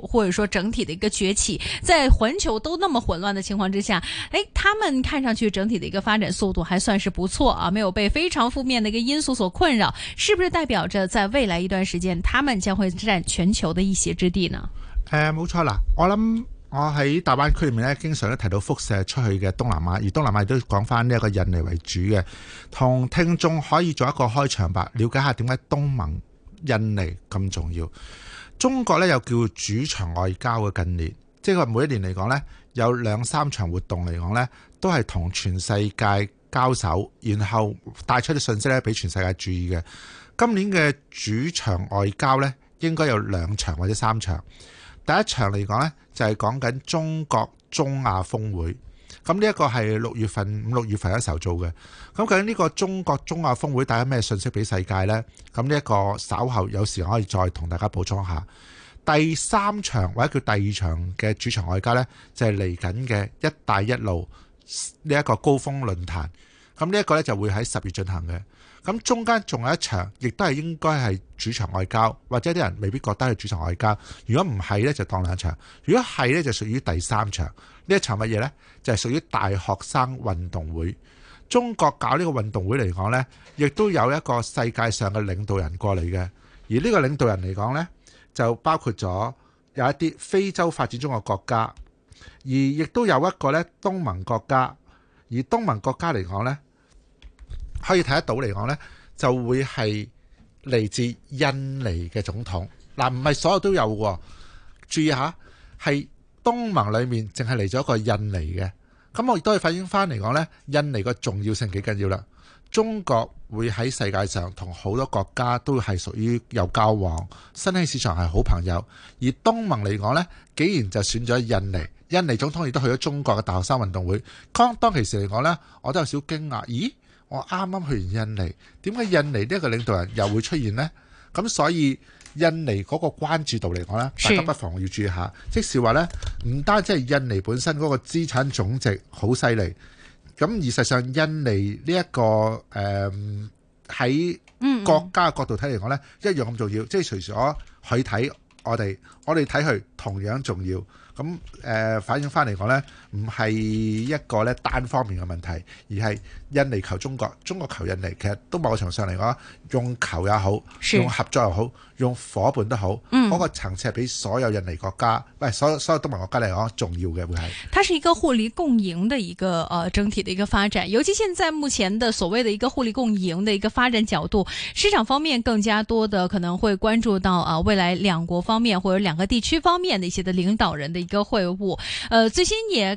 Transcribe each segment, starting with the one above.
或者說整體的一個崛起，在環球都那麼混亂的情況之下，誒、哎，他們看上去整體的一個發展速度還算是不錯啊，沒有被非常負面的一個因素所困擾，是不是代表着在未來一段時間，他們將會佔全球的一席之地呢？誒、呃，冇錯啦，我諗我喺大灣區裏面呢，經常都提到輻射出去嘅東南亞，而東南亞亦都講翻呢一個印尼為主嘅，同聽眾可以做一個開場白，了解下點解東盟印尼咁重要。中國咧又叫主場外交嘅近年，即係每一年嚟講呢，有兩三場活動嚟講呢，都係同全世界交手，然後帶出啲信息咧俾全世界注意嘅。今年嘅主場外交呢，應該有兩場或者三場。第一場嚟講呢，就係、是、講緊中國中亞峰會。咁呢一個係六月份五六月份嘅時候做嘅。咁究竟呢個中國中亞峰會帶咗咩信息俾世界呢？咁呢一個稍後有時我可以再同大家補充下。第三場或者叫第二場嘅主場外交呢，就係嚟緊嘅一帶一路呢一個高峰論壇。咁呢一個呢就會喺十月進行嘅。咁中間仲有一場，亦都係應該係主場外交，或者啲人未必覺得係主場外交。如果唔係呢，就當兩場；如果係呢，就屬於第三場。呢一場乜嘢呢？就係屬於大學生運動會。中國搞呢個運動會嚟講呢，亦都有一個世界上嘅領導人過嚟嘅。而呢個領導人嚟講呢，就包括咗有一啲非洲發展中嘅國家，而亦都有一個呢東盟國家。而東盟國家嚟講呢。可以睇得到嚟講呢，就會係嚟自印尼嘅總統。嗱、啊，唔係所有都有喎。注意下，係東盟裏面淨係嚟咗一個印尼嘅。咁我亦都可以反映翻嚟講呢，印尼個重要性幾緊要啦。中國會喺世界上同好多國家都係屬於有交往、新興市場係好朋友。而東盟嚟講呢，竟然就選咗印尼，印尼總統亦都去咗中國嘅大學生運動會。剛當其時嚟講呢，我都有少驚訝，咦？我啱啱去完印尼，點解印尼呢一個領導人又會出現呢？咁所以印尼嗰個關注度嚟講呢是大家不妨要注意下。即是話呢，唔單止係印尼本身嗰個資產總值好犀利，咁而實際上印尼呢、這、一個喺、呃、國家角度睇嚟講呢，嗯嗯一樣咁重要。即係隨時我去睇我哋，我哋睇佢同樣重要。咁、呃、反映翻嚟講呢。唔係一個咧單方面嘅問題，而係印尼求中國，中國求印尼，其實都某個程度上嚟講，用求也好，是用合作又好，用伙伴都好，嗰、嗯、個層次係比所有印尼國家，喂，所有所有東盟國家嚟講重要嘅會係，它是一個互利共贏的一個誒、呃、整體的一個發展，尤其現在目前的所謂的一個互利共贏的一個發展角度，市場方面更加多的可能會關注到啊、呃、未來兩國方面或者兩個地區方面的一些的領導人的一個會晤，呃，最新也。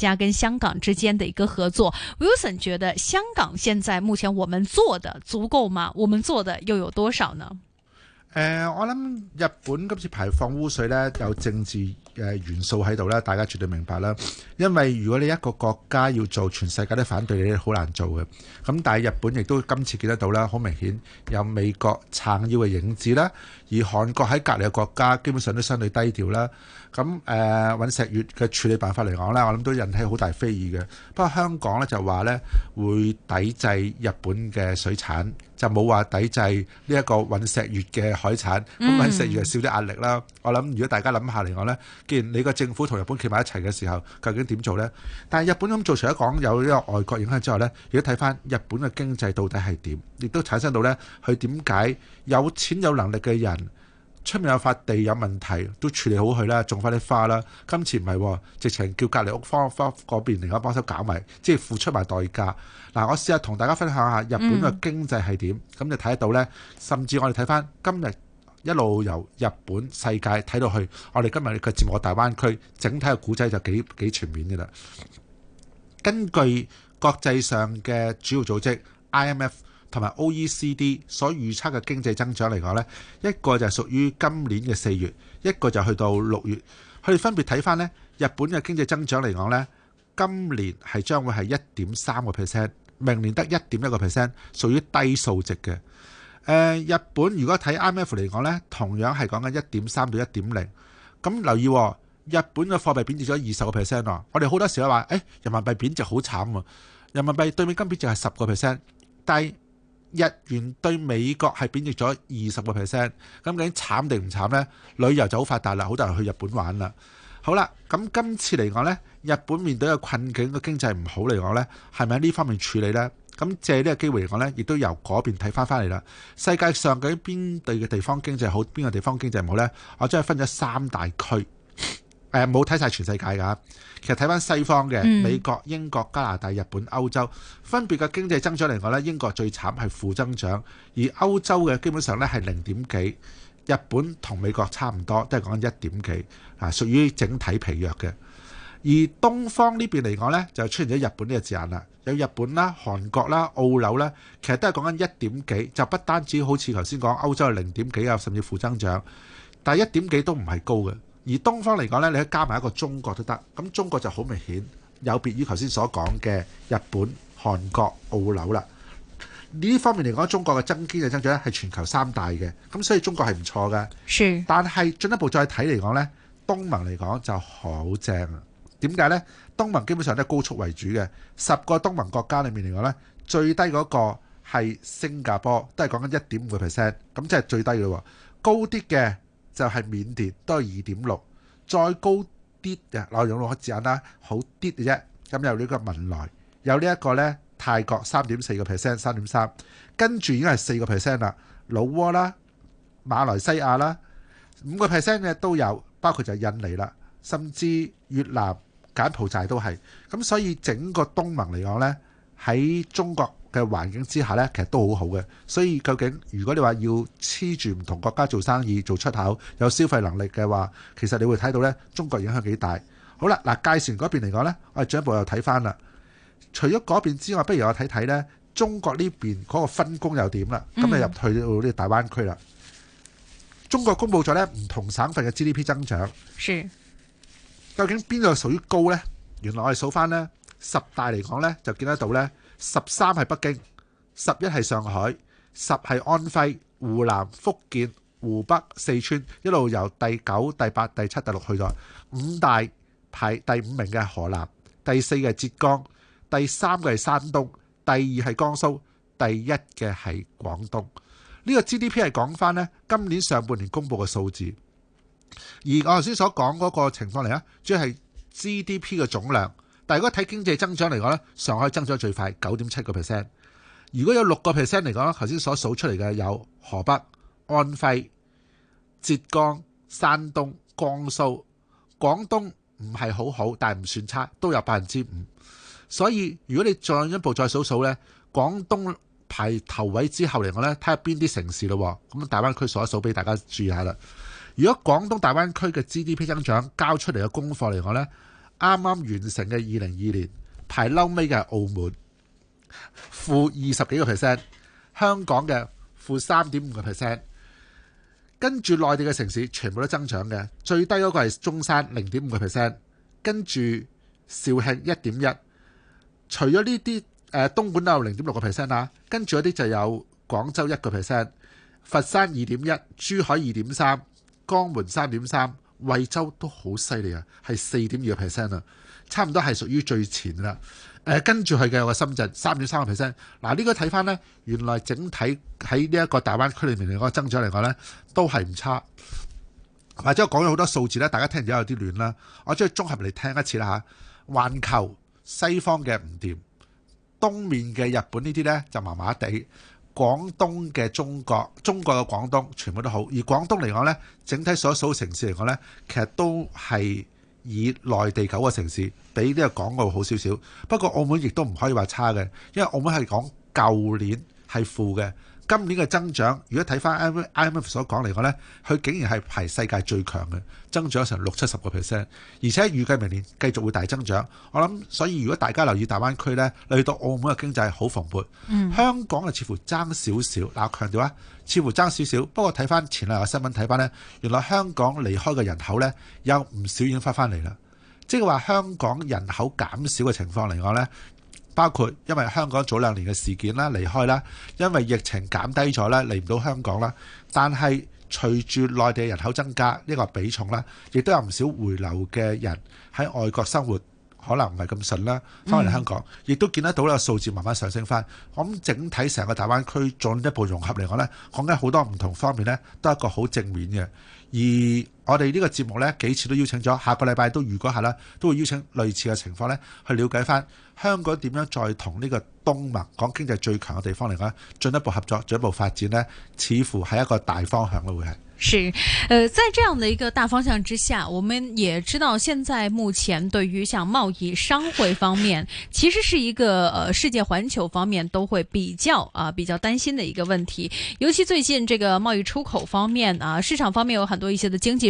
家跟香港之間的一個合作，Wilson 覺得香港現在目前我們做的足夠嗎？我們做的又有多少呢？誒、呃，我諗日本今次排放污水咧，有政治誒、呃、元素喺度啦，大家絕對明白啦。因為如果你一個國家要做，全世界都反對你，好難做嘅。咁但係日本亦都今次見得到啦，好明顯有美國撐腰嘅影子啦。而韓國喺隔籬嘅國家，基本上都相對低調啦。咁誒，隕、嗯、石月嘅處理辦法嚟講啦，我諗都引起好大非議嘅。不過香港呢，就話呢會抵制日本嘅水產，就冇話抵制呢一個隕石月嘅海產。咁隕石月少啲壓力啦。我諗如果大家諗下嚟講呢，既然你個政府同日本企埋一齊嘅時候，究竟點做呢？但係日本咁做，除咗講有呢個外國影響之外呢，如果睇翻日本嘅經濟到底係點，亦都產生到呢，佢點解有錢有能力嘅人？出面有塊地有問題，都處理好佢啦，種翻啲花啦。今次唔係，哦，直情叫隔離屋方方嗰邊另一幫手搞埋，即係付出埋代價。嗱、啊，我試下同大家分享一下日本嘅經濟係點，咁、嗯、就睇得到呢？甚至我哋睇翻今日一路由日本世界睇到去，我哋今日嘅節目大灣區整體嘅古仔就幾幾全面嘅啦。根據國際上嘅主要組織 IMF。IM F，同埋 OECD 所預測嘅經濟增長嚟講咧，一個就係屬於今年嘅四月，一個就去到六月。佢哋分別睇翻咧，日本嘅經濟增長嚟講咧，今年係將會係一點三個 percent，明年得一點一個 percent，屬於低數值嘅。誒，日本如果睇 IMF 嚟講咧，同樣係講緊一點三到一點零。咁留意，日本嘅貨幣貶值咗二十個 percent 啊！我哋好多時都話，誒，人民幣貶值好慘啊！人民幣對美金貶值係十個 percent，但係，日元對美國係貶值咗二十個 percent，咁究竟慘定唔慘呢？旅遊就好發達啦，好多人去日本玩啦。好啦，咁今次嚟講呢，日本面對嘅困境個經濟唔好嚟講呢，係咪喺呢方面處理呢？咁借呢個機會嚟講呢，亦都由嗰邊睇翻翻嚟啦。世界上究竟邊地嘅地方經濟好，邊個地方經濟唔好呢？我將佢分咗三大區。誒，冇睇曬全世界噶，其實睇翻西方嘅、嗯、美國、英國、加拿大、日本、歐洲分別嘅經濟增長嚟講咧，英國最慘係負增長，而歐洲嘅基本上咧係零點幾，日本同美國差唔多，都係講緊一點幾，啊屬於整體疲弱嘅。而東方呢邊嚟講咧，就出現咗日本呢個字眼啦，有日本啦、韓國啦、澳紐啦，其實都係講緊一點幾，就不單止好似頭先講歐洲係零點幾啊，甚至負增長，但一點幾都唔係高嘅。而東方嚟講咧，你可加埋一個中國都得，咁中國就好明顯有別於頭先所講嘅日本、韓國、澳紐啦。呢方面嚟講，中國嘅經濟嘅增長咧係全球三大嘅，咁所以中國係唔錯嘅。是。但係進一步再睇嚟講咧，東盟嚟講就好正啊！點解咧？東盟基本上都係高速為主嘅，十個東盟國家裡面嚟講咧，最低嗰個係新加坡，都係講緊一點五個 percent，咁即係最低嘅咯。高啲嘅。就係緬甸都係二點六，再高啲嘅內容可指引啦，好啲嘅啫。咁有呢個文萊，有呢一個呢泰國三點四個 percent，三點三，跟住已經係四個 percent 啦。老撾啦、馬來西亞啦，五個 percent 嘅都有，包括就係印尼啦，甚至越南柬埔寨都係。咁所以整個東盟嚟講呢，喺中國。嘅環境之下咧，其實都好好嘅。所以究竟如果你話要黐住唔同國家做生意、做出口、有消費能力嘅話，其實你會睇到咧，中國影響幾大。好啦，嗱，界船嗰邊嚟講咧，我哋進一步又睇翻啦。除咗嗰邊之外，不如我睇睇咧中國呢邊嗰個分工又點啦？咁你入去到呢個大灣區啦。中國公布咗咧唔同省份嘅 GDP 增長。是。究竟邊度屬於高咧？原來我哋數翻咧十大嚟講咧，就見得到咧。十三係北京，十一係上海，十係安徽、湖南、福建、湖北、四川，一路由第九、第八、第七、第六去咗五大排第五名嘅河南，第四嘅係浙江，第三嘅係山東，第二係江蘇，第一嘅係廣東。呢個 GDP 係講翻今年上半年公布嘅數字，而我頭先所講嗰個情況嚟啊，主要係 GDP 嘅總量。但如果睇經濟增長嚟講咧，上海增長最快，九點七個 percent。如果有六個 percent 嚟講咧，頭先所數出嚟嘅有河北、安徽、浙江、山東、江蘇、廣東，唔係好好，但係唔算差，都有百分之五。所以如果你再進一步再數數呢，廣東排頭位之後嚟講呢，睇下邊啲城市咯。咁大灣區數一數俾大家注意下啦。如果廣東大灣區嘅 GDP 增長交出嚟嘅功課嚟講呢。啱啱完成嘅二零二年排嬲尾嘅，澳門負二十幾個 percent，香港嘅負三點五個 percent，跟住內地嘅城市全部都增長嘅，最低嗰個係中山零點五個 percent，跟住肇慶一點一，除咗呢啲誒東莞都有零點六個 percent 啦，跟住嗰啲就有廣州一個 percent，佛山二點一，珠海二點三，江門三點三。惠州都好犀利啊，係四點二個 percent 啦，差唔多係屬於最前啦。誒，跟住係嘅有個深圳三點三個 percent。嗱，呢個睇翻呢，原來整體喺呢一個大灣區裏面嗰個增長嚟講呢都係唔差。或者我講咗好多數字呢，大家聽完之後有啲亂啦。我將佢綜合嚟聽一次啦嚇。啊，環球西方嘅唔掂，東面嘅日本這些呢啲呢就麻麻地。廣東嘅中國，中國嘅廣東全部都好。而廣東嚟講呢，整體所屬城市嚟講呢，其實都係以內地九個城市比呢個港澳好少少。不過澳門亦都唔可以話差嘅，因為澳門係講舊年係負嘅。今年嘅增長，如果睇翻 IMF 所講嚟講呢，佢竟然係排世界最強嘅增長，成六七十個 percent，而且預計明年繼續會大增長。我諗，所以如果大家留意大灣區呢，嚟到澳門嘅經濟好蓬勃，香港啊似乎爭少少。嗱，我強調啊，似乎爭少少。不過睇翻前兩日新聞睇翻呢，原來香港離開嘅人口呢，有唔少已經翻返嚟啦，即係話香港人口減少嘅情況嚟講呢。包括因為香港早兩年嘅事件啦，離開啦，因為疫情減低咗啦，嚟唔到香港啦。但係隨住內地人口增加呢，呢個比重啦，亦都有唔少回流嘅人喺外國生活，可能唔係咁順啦，翻嚟香港亦、嗯、都見得到啦。數字慢慢上升翻，我諗整體成個大灣區進一步融合嚟講呢，講緊好多唔同方面呢，都係一個好正面嘅而。我哋呢個節目咧幾次都邀請咗，下個禮拜都如果係啦，都會邀請類似嘅情況咧去了解翻香港點樣再同呢個東盟，講經濟最強嘅地方嚟講，進一步合作、進一步發展咧，似乎係一個大方向咯，會係。是，誒，在這樣的一個大方向之下，我們也知道，現在目前對於像貿易商會方面，其實是一個誒世界環球方面都會比較啊比較擔心的一個問題，尤其最近這個貿易出口方面啊，市場方面有很多一些的經濟。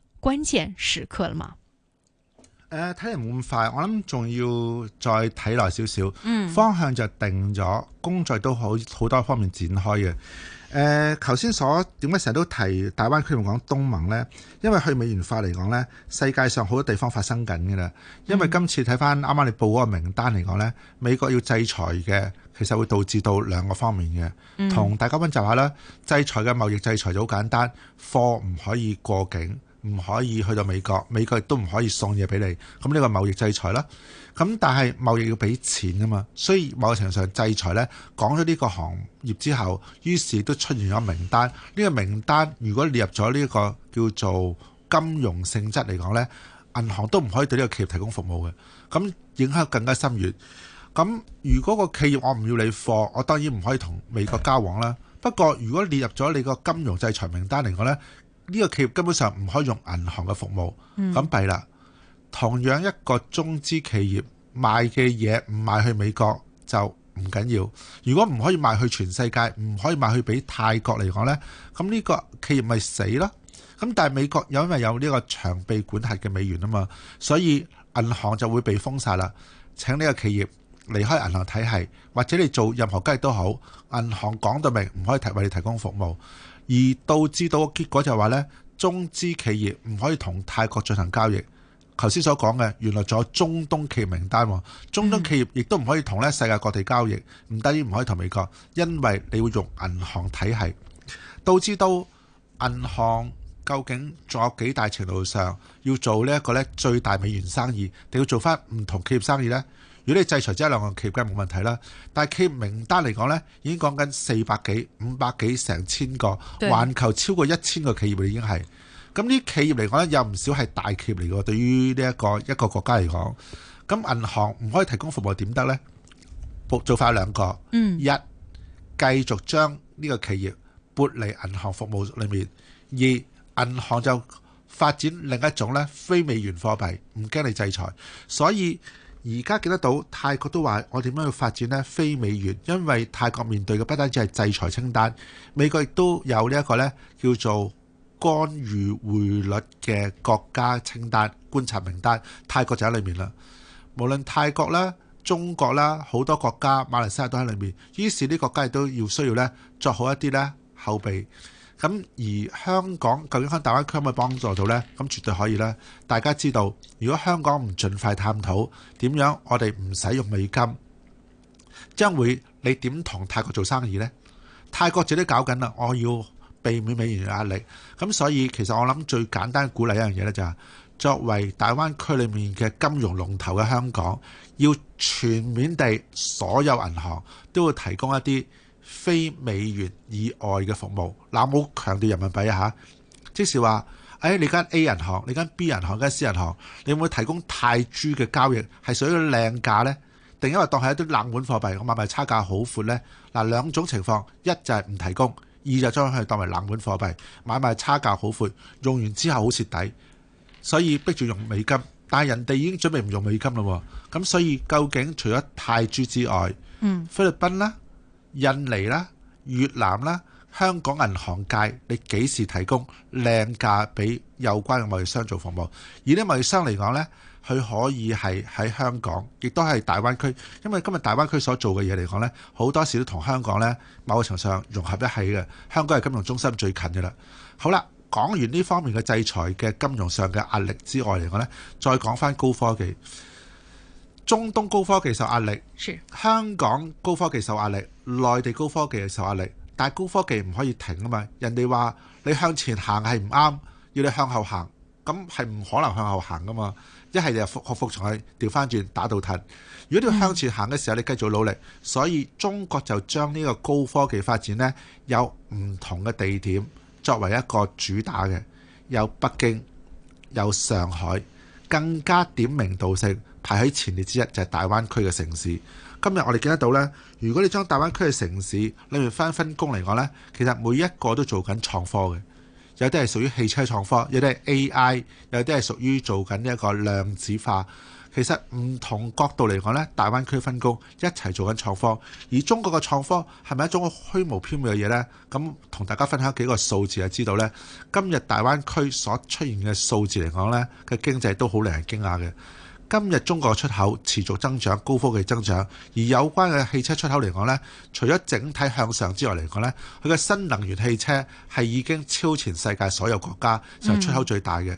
關鍵時刻啦嘛，誒、呃，睇嚟冇咁快，我諗仲要再睇耐少少。嗯，方向就定咗，工作都好好多方面展開嘅。誒、呃，頭先所點解成日都提大灣區同講東盟咧？因為去美元化嚟講咧，世界上好多地方發生緊嘅啦。因為今次睇翻啱啱你報嗰個名單嚟講咧，嗯、美國要制裁嘅，其實會導致到兩個方面嘅。嗯、同大家溫習下啦，制裁嘅貿易制裁就好簡單，貨唔可以過境。唔可以去到美國，美國亦都唔可以送嘢俾你。咁呢個貿易制裁啦。咁但係貿易要俾錢啊嘛，所以某程度上制裁呢，講咗呢個行業之後，於是都出現咗名單。呢個名單如果列入咗呢個叫做金融性質嚟講呢，銀行都唔可以對呢個企業提供服務嘅。咁影響更加深遠。咁如果個企業我唔要你貨，我當然唔可以同美國交往啦。是的 不過如果列入咗你個金融制裁名單嚟講呢。呢個企業根本上唔可以用銀行嘅服務，咁弊啦。同樣一個中資企業賣嘅嘢唔賣去美國就唔緊要，如果唔可以賣去全世界，唔可以賣去俾泰國嚟講呢，咁呢個企業咪死咯。咁但係美國因為有呢個長臂管轄嘅美元啊嘛，所以銀行就會被封殺啦。請呢個企業離開銀行體系，或者你做任何交易都好，銀行講到明唔可以提為你提供服務。而導致到結果就係話呢中資企業唔可以同泰國進行交易。頭先所講嘅原來仲有中東企業名單，中東企業亦都唔可以同呢世界各地交易，唔單止唔可以同美國，因為你要用銀行體系，導致到銀行究竟仲有幾大程度上要做呢一個呢最大美元生意，定要做翻唔同企業生意呢？如果你制裁只一兩個企業，梗係冇問題啦。但係企業名單嚟講呢，已經講緊四百幾、五百幾成千個，環對球超過一千個企業，已經係咁。呢企業嚟講呢，有唔少係大企業嚟嘅。對於呢一個一個國家嚟講，咁銀行唔可以提供服務點得呢？做快兩個，嗯、一繼續將呢個企業撥離銀行服務裏面，二銀行就發展另一種呢非美元貨幣，唔驚你制裁，所以。而家見得到泰國都話我點樣去發展呢非美元，因為泰國面對嘅不單止係制裁清單，美國亦都有呢一個呢叫做干預匯率嘅國家清單觀察名單，泰國就喺裡面啦。無論泰國啦、中國啦，好多國家馬來西亞都喺裡面，於是呢個國家亦都要需要呢，作好一啲呢後備。咁而香港究竟喺大灣區可唔可以幫助到呢？咁絕對可以啦！大家知道，如果香港唔盡快探討點樣，我哋唔使用美金，將會你點同泰國做生意呢？泰國自己搞緊啦，我要避免美元嘅壓力。咁所以其實我諗最簡單嘅鼓勵一樣嘢呢，就係作為大灣區裡面嘅金融龍頭嘅香港，要全面地所有銀行都會提供一啲。非美元以外嘅服務，嗱，我強調人民幣啊嚇！即是話，誒、哎、你間 A 銀行、你間 B 銀行、間 C 銀行，你會唔會提供泰銖嘅交易係屬於靚價呢？定因為當係一啲冷門貨幣，買賣差價好闊呢？嗱，兩種情況，一就係唔提供，二就將佢當為冷門貨幣，買賣差價好闊，用完之後好蝕底，所以逼住用美金。但係人哋已經準備唔用美金啦喎，咁所以究竟除咗泰銖之外，嗯、菲律賓啦？印尼啦、啊、越南啦、啊、香港銀行界，你幾時提供靚價俾有關嘅外商做服務？而啲外商嚟講呢，佢可以係喺香港，亦都係大灣區，因為今日大灣區所做嘅嘢嚟講呢，好多時都同香港呢某程度上融合一起嘅。香港係金融中心最近嘅啦。好啦，講完呢方面嘅制裁嘅金融上嘅壓力之外嚟講呢，再講翻高科技。中東高科技受壓力，是香港高科技受壓力，內地高科技受壓力，但係高科技唔可以停啊嘛！人哋話你向前行係唔啱，要你向後行，咁係唔可能向後行噶嘛！一係就服服從去調翻轉打到騰。如果你要向前行嘅時候，你繼續努力，嗯、所以中國就將呢個高科技發展呢，有唔同嘅地點作為一個主打嘅，有北京，有上海，更加點名道姓。排喺前列之一就係大灣區嘅城市。今日我哋見得到呢，如果你將大灣區嘅城市裡面翻分工嚟講呢，其實每一個都做緊創科嘅，有啲係屬於汽車創科，有啲係 AI，有啲係屬於做緊一個量子化。其實唔同角度嚟講呢，大灣區分工一齊做緊創科。而中國嘅創科係咪一種虛無縹緲嘅嘢呢？咁同大家分享幾個數字，就知道呢。今日大灣區所出現嘅數字嚟講呢，嘅經濟都好令人驚訝嘅。今日中國出口持續增長，高科技增長，而有關嘅汽車出口嚟講呢，除咗整體向上之外嚟講呢，佢嘅新能源汽車係已經超前世界所有國家，就出口最大嘅。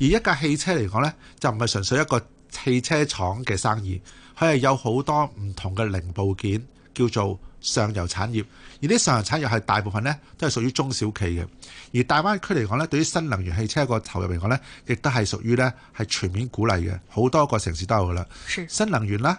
而一架汽車嚟講呢，就唔係純粹一個汽車廠嘅生意，佢係有好多唔同嘅零部件。叫做上游產業，而啲上游產業係大部分呢都係屬於中小企嘅。而大灣區嚟講呢，對於新能源汽車個投入嚟講呢，亦都係屬於呢係全面鼓勵嘅，好多個城市都有噶啦。是新能源啦，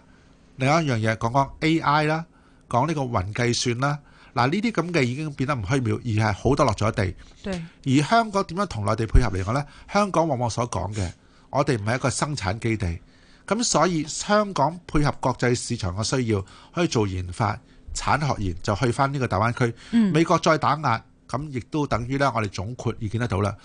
另外一樣嘢講講 AI 啦，講呢個雲計算啦，嗱呢啲咁嘅已經變得唔虛渺，而係好多落咗地。對。而香港點樣同內地配合嚟講呢？香港往往所講嘅，我哋唔係一個生產基地。咁所以香港配合國際市場嘅需要，可以做研發產學研，就去翻呢個大灣區美國再打壓，咁亦都等於咧，我哋總括意見得到啦。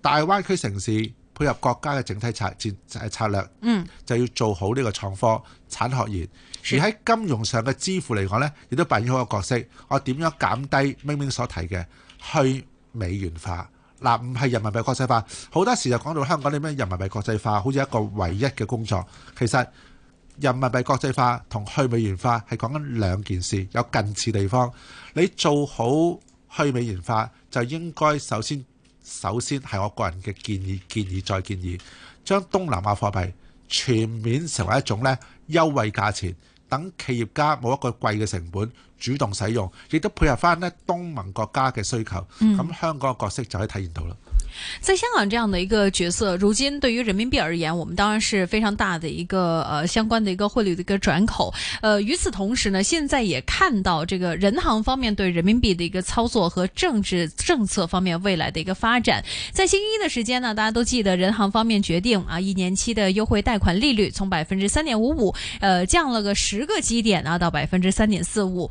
大灣區城市配合國家嘅整體策戰策略，嗯，就要做好呢個創科、產學研。而喺金融上嘅支付嚟講咧，亦都扮演好個角色。我點樣減低明明所提嘅去美元化？嗱，唔係人，人民幣國際化，好多時就講到香港啲咩人民幣國際化好似一個唯一嘅工作。其實人民幣國際化同去美元化係講緊兩件事，有近似地方。你做好去美元化，就應該首先首先係我個人嘅建議建議再建議，將東南亞貨幣全面成為一種咧優惠價錢，等企業家冇一個貴嘅成本。主動使用，亦都配合翻呢東盟國家嘅需求，咁、嗯、香港嘅角色就可以體現到啦。在香港這樣的一個角色，如今對於人民幣而言，我們當然是非常大的一個，呃，相關嘅一個匯率嘅一個轉口。呃，與此同時呢，現在也看到這個人行方面對人民幣嘅一個操作和政治政策方面未來嘅一個發展。在星期一嘅時間呢，大家都記得人行方面決定啊，一年期嘅優惠貸款利率從百分之三點五五，呃，降了個十個基點啊，到百分之三點四五。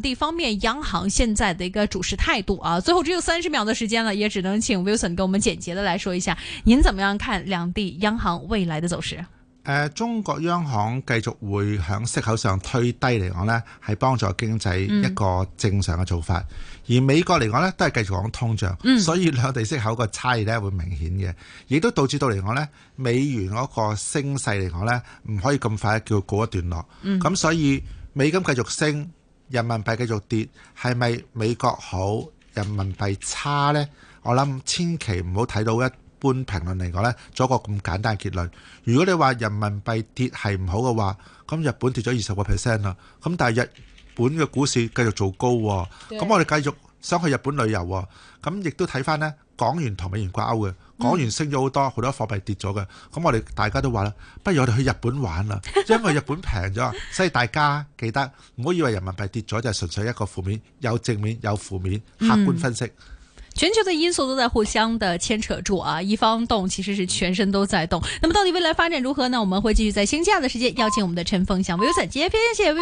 地方面，央行現在的一個主持態度啊，最後只有三十秒的時間了，也只能請 Wilson 跟我們簡潔的來說一下，您怎麼樣看兩地央行未來的走勢？誒、呃，中國央行繼續會響息口上推低嚟講咧，係幫助經濟一個正常嘅做法。嗯、而美國嚟講咧，都係繼續講通脹，嗯、所以兩地息口個差異咧會明顯嘅，亦都導致到嚟講咧，美元嗰個升勢嚟講咧唔可以咁快叫告一段落。咁、嗯、所以美金繼續升。人民幣繼續跌，係咪美國好，人民幣差呢？我諗千祈唔好睇到一般評論嚟講呢，做一個咁簡單結論。如果你話人民幣跌係唔好嘅話，咁日本跌咗二十個 percent 啦，咁但係日本嘅股市繼續做高，咁我哋繼續想去日本旅遊，咁亦都睇翻呢港元同美元掛鈎嘅。講、嗯、完升咗好多，好多貨幣跌咗嘅，咁我哋大家都話啦，不如我哋去日本玩啦，因為日本平咗，所以大家記得唔好以為人民幣跌咗就純、是、粹一個負面，有正面有負面，客觀分析。嗯、全球嘅因素都在互相的牽扯住啊，一方動其實是全身都在動。那麼到底未來發展如何呢？我們會繼續在星期二的時間邀請我們的陳鳳祥 Wilson 結片，謝謝。